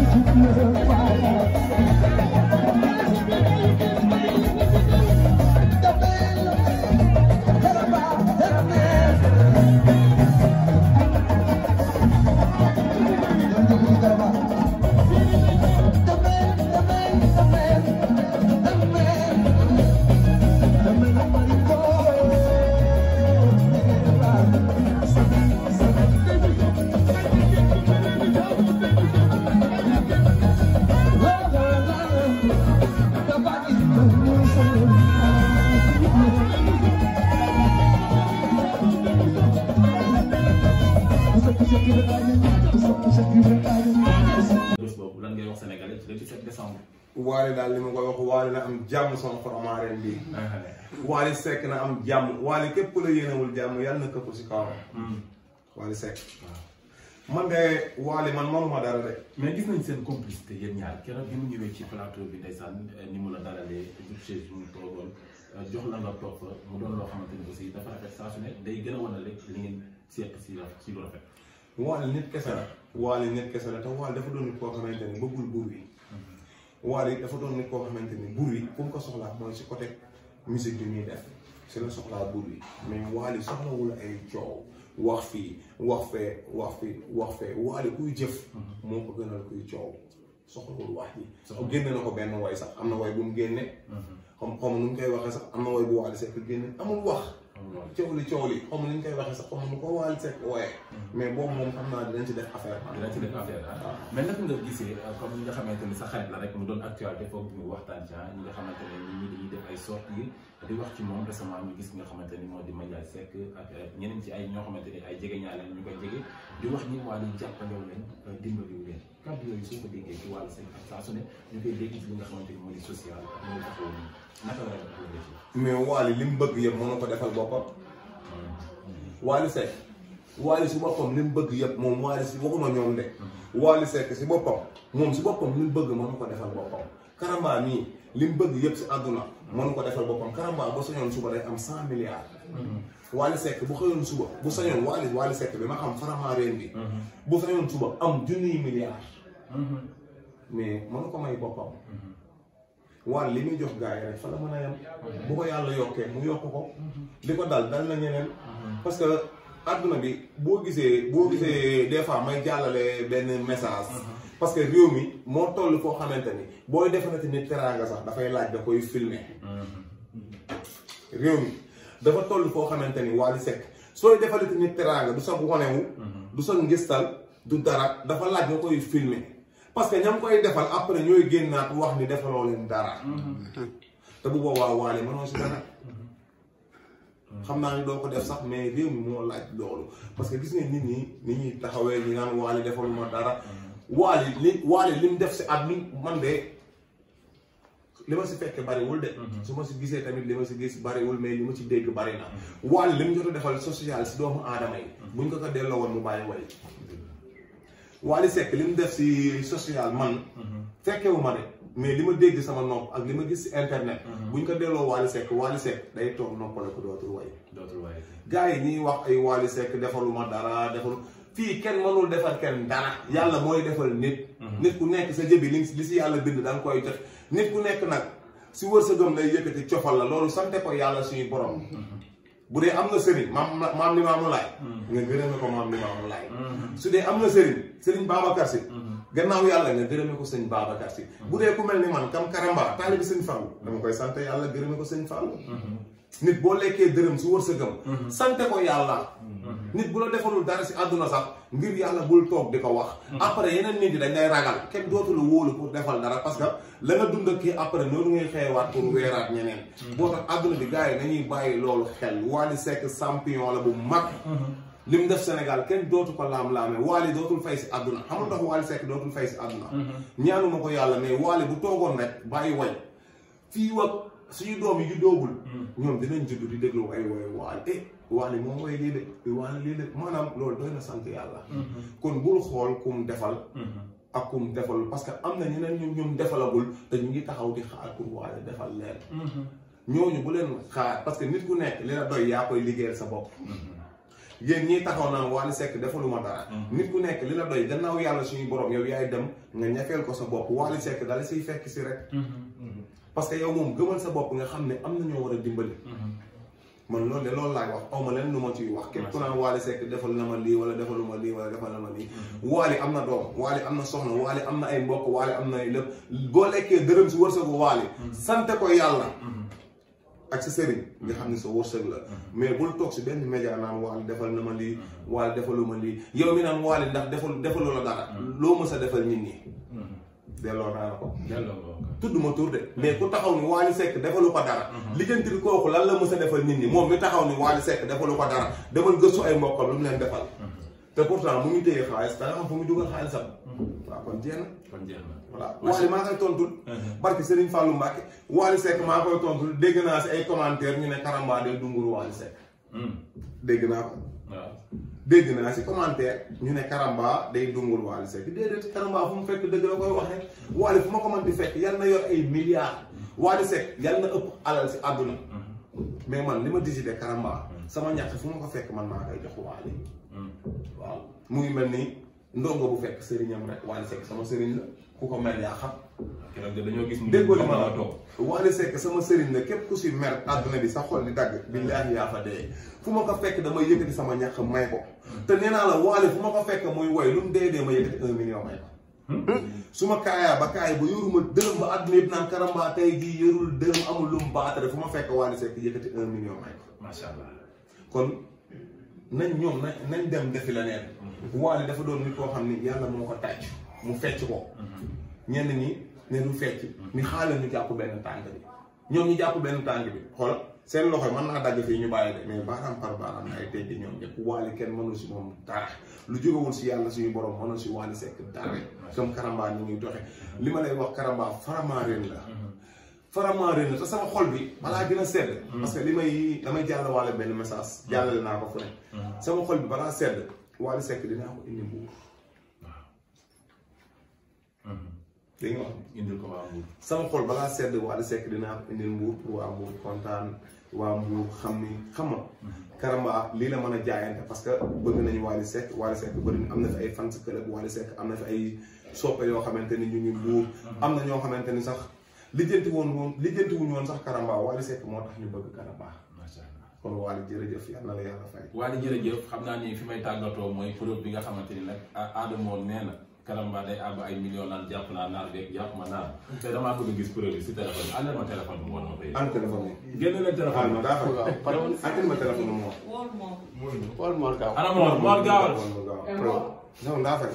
did you feel waale daal li ma koy wax waale na am jàmm son xoromaareen bi waale sekk na am jàmm waale képp la yéenewul jàmm yàlla na këpp si kawam hmm. waale sekk man de waali man manuma dara de. mais gis nañ seen complicité yéen ñaar keroog bi mu ñëwee ci plateau bi ndeysaan eh, ni mu la dalalee jub chaise bi mu toogoon eh, jox la nga toog mu doon loo xamante ni aussi dafa rafet saa su ne day gën a wan a lekk li seet si si lu rafet. waali nit kese la. waali dafa doon nit koo xamante ni bëggul buur mm-hmm. waali dafa doon nit koo xamante ni buur wi ku mu ko soxlaa mooy si côté musique bi muy def si la soxlaa buur wi. mais waali soxlawul ay wax fii wax fee wax fii wax fee waale kuy jëf mhm. moo ko gënal kuy coow soxlawul wax ji mhm. génne na ko benn way sax am na way bu mu génne xam mhm. xam nu mu koy waxee sax am na way bu Wally Seck génne amul wax coow li coow li xam nu ñu koy waxee sax xam nu ko Wally Seck waaye mais boobu moom xam naa dinañ ci def affaire ah, dinañ ci def affaire ah. Ah. mais naka nga gisee euh, comme ñi nga xamante ni sa xarit la rek mu doon actualité foofu ñu waxtaan ci ñi nga xamante ne ñi dañuy def ay sorties di wax ci moom récemment ñu gis nga xamante ni moo di Mandiaye Seck ak euh, ñeneen ci ay ñoo xamante ni ay jege ñaale ñu koy jege di wax ni waa liy jàppalewu leen euh, dimbaliwu leen kàddu yooyu soo ko déggee ci wàllu seen ak saa su ne ñu koy dégg ci li nga xamante ni moo di mu mooy taxawu nii naka la ñu mais Wally li mu bëgg yëpp moo na ko defal boppam. Hmm. Wally Seck. Wally si boppam li mu bëgg yëpp moom Wally si waxuma ñoom de. Hmm. Wally Seck si boppam moom si boppam li bëgg moo na ko defal boppam. Karamba nii li mu bëgg yëpp si àdduna mënu ko defal boppam Karamba bu sañoon suba day am cent milliards. Mm-hmm. Wally Seck bu xëyoon suba bu sañoon Wally Wally Seck bi ma xam farama reen bi. Mm-hmm. bu sañoon suba am junniy milliards. Mm-hmm. mais mënu ko may boppam. Wally li muy jox gars yi rek fa la mën a yem. bu ko yàlla yokkee mu yokk ko. li ko dal dal na ñeneen parce àdduna bi boo gisee boo gisee des fois may jàllale benn message. parce que réew mi moo toll foo xamante ni booy defarati nit teraanga sax dafay laaj da koy filmer réew mi dafa toll foo xamante ni Wally Seck sooy defarati nit teraanga du sax wonewu du sax ngistal du dara dafa laaj nga koy filmer parce que ñam koy defal après ñooy génnaat wax ni defaloo leen dara mhm. te bu boobaa Wally mënoo si dara Mm. xam naa ni doo ko def sax mais réew mi moo laaj loolu parce que gis nga nit ñi nit ñuy taxawee ñu naan waale defal ma dara mm. waale li waale li mu def si at mi man de li ma si fekk bariwul de mm-hmm. su ma si gisee tamit li ma si gis bariwul mais li ma si dégg bari na mm-hmm. waale li mu jot defal social si doomu aadama yi mm-hmm. buñ ko ko delloo woon mu bàyyi way waale sekk li mu def si social man fekkewu ma de mais li ma dégg sama nopp ak li ma gis si internet. Mhm. buñ ko delloo Wally Seck Wally Seck day toog noppale ko dootul way. dootul way gars yi ñuy wax ay Wally Seck defaluma dara defal fii kenn mënul defal kenn dara. yàlla mooy defal nit. Mhm. nit ku nekk sa jëbi li li si yàlla bind da koy jot nit ku nekk nag si wërsëgam day yëkkati cofal la loolu sante ko yàlla suñu borom. Mhm. bu dee am na sëriñ maam maam Limaamu Laay. nga gërëm ko maam Limaamu Laay. su dee am na sëriñ sëriñ Babacar Si. gannaaw yàlla nga gërëme ko sëñ Babacar Si mm-hmm. bu dee ku mel ni man kam karamba taalibi sëñ Fallu mm-hmm. dama koy sant yàlla gërëme ko sëñ Fallu mm-hmm. nit boo lekkee dërëm su wërsëgam sante ko yàlla nit bu la defalul dara si àdduna sax ngir yàlla bul toog di ko wax après yeneen nit yi dañ lay ragal kenn dootu la wóolu pour defal dara parce que la nga dund ak kii après noonu ngay xeewaat pour weeraat ñeneen boo tax àdduna bi gars yi nañuy bàyyi loolu xel Wally Seck champion la bu li mu def Sénégal kenn dootu ko laam-laame waali dootul fay si àdduna xamul ndax waali sekk dootul fay si àdduna mm-hmm. ñaanuma ko yàlla mais waali bu toogoon rek bàyyi way fii wax suñu doom yi doogul mm-hmm. ñoom dinañ juddu di déglu ay woy waali eh waali moom lii de waali lii de maanaam loolu doy na sant yàlla mm-hmm. kon bul xool kum defal ak kum defal parce que am na ñeneen ñoom ñoom defalagul te ñu ngi taxaw di xaar pour waali defal leen ñooñu bu leen xaar parce que nit ku nekk li la doy yaa koy liggéeyal sa bopp yéen ñiy taxaw naan Wally Seck defaluma dara mm-hmm. nit ku nekk li la doy gannaaw yàlla suñu borom yow yaay dem nga ñafeel ko sa bopp Wally Seck dala siy fekk si rek mm-hmm. Mm-hmm. parce que yow moom gëmal sa bopp nga xam ne am na ñoo war a dimbali man loolu de loolu laay wax aw ma leen lu ma ciy wax kenn ku naan Wally Seck defal na ma lii wala defaluma lii defal na ma lii Wally am na doom Wally am na soxna Wally am na ay mbokk Wally am na ay lépp boo lekkee dërëm si wërsëgu sa sante ko yàlla ak si sëriñ nga xam ne sa wërsëg la mhm. mais bul toog si benn média naan waali defal na ma lii mhm. waali defalu ma lii yow mi naan waali ndax defal defaloo la dara mhm. loo mës a defal nit ñi delloo naa ko tudd ma tur de mais ku taxaw ni Wally Seck defalu ko dara lijjantil kooku lan la mës a defal nit ñi moom mi taxaw ni Wally Seck defalu ko dara defal gësu ay mbokkam lu mu leen defal te pourtant mu ngi téye xaalis te xam fu mu dugal xaalisam. Mhm. waaw kon jeex na. kon jeex na voilà Waly maa koy tontul. Mhm. barki Serigne Fallou Mbacke. Waly Seck maa koy tontul dégg naa si ay commentaire ñu ne Karambadel dunguru Waly Seck. Mhm. dégg naa ko. waaw dégg naa si commentaire ñu ne Karamba day dungul Waly Seck déedéet Karamba fu mu fekk dëgg la koy waxee Waly fu ma ko mën di fekk yal na yor ay milliards Waly Seck yal na ëpp alal si àdduna. mais man li ma décidé Karamba. sama ñàkk fu ma ko fekk man maa koy jox Waly. waaw mu ngi mel ni ndongo bu fekk sëriñam rek Wally Seck sama sëriñ la ku ko mer yaa xam. keroog dañoo gis. déggoo li ma la toog Wally Seck sama sëriñ la képp ku si mer àdduna bi sa xol di dagg. billaahi yaa fa dee fu ma ko fekk damay yëkkati sama ñax may ko. te nee naa la Wally fu ma ko fekk muy woy lu mu dee dee ma yëkkati un million may ko. Hmm? su ma kaayaa ba kaay ba yoruma dërëm ba àdduna yëpp naan karamba tey jii yorul dërëm amul lu mu baatare fu ma fekk Wally Seck yëkkati un million may allah kon. nañ ñoom nañ nañ dem defi la neen waale dafa doon nit koo xam ni yàlla moo ko tàcc mu fecc ko ñenn ñi ne du fecc ni xaaral ñu jàpp benn tànk bi ñoom ñu jàpp benn tànk bi xool seen loxo mën naa dagg fii ñu bàyyi de mais baaraam par baaraam na ay teggi ñoom ñëpp waale kenn mënu si moom dara lu jógewul si yàlla si borom mënu si waale sekk dara comme karamba ñu ngi joxe li ma lay wax karamba faramaareen la vraiment réer te sama xol bi balaa gën a sedd mm-hmm. parce que li may damay jàll waale benn message mm-hmm. jàllale naa ko fu ne mm-hmm. sama xol bi balaa sedd Wally Seck dinaa ko indi mbuur ko waa Mbour balaa sedd Wally Seck dinaa ko pour waa Mbour kontaan waa Mbour xam ni xam nga Karamba lii la mën a jaayante parce que bëgg nañu Wally Seck Wally Seck bëri am na fi ay fans club Wally Seck am na fi ay soppe yoo xamante ni ñu ngi am na ñoo xamante ni sax li woon woon lijjanti wuñu woon sax Karamba Wally Seck moo tax ñu bëgg Karamba. macha kon Wally jërëjëf yal na la yàlla xam naa ni fi may tàggatoo mooy preuve bi nga xamante ni nag Adamo nee na Karamba day àbb ay millions naan jàpp naa naar beeg jàpp ma naar. te damaa ko gis preuve bi si téléphone yi àndal ma téléphone bi moo noonu. ànd téléphone bi génn leen téléphone bi. Ah, daa ko gaaw pare woon àndal ma téléphone bi moo. wool moor wool moor gaawal. ana moor moor gaawal. non ndaa fay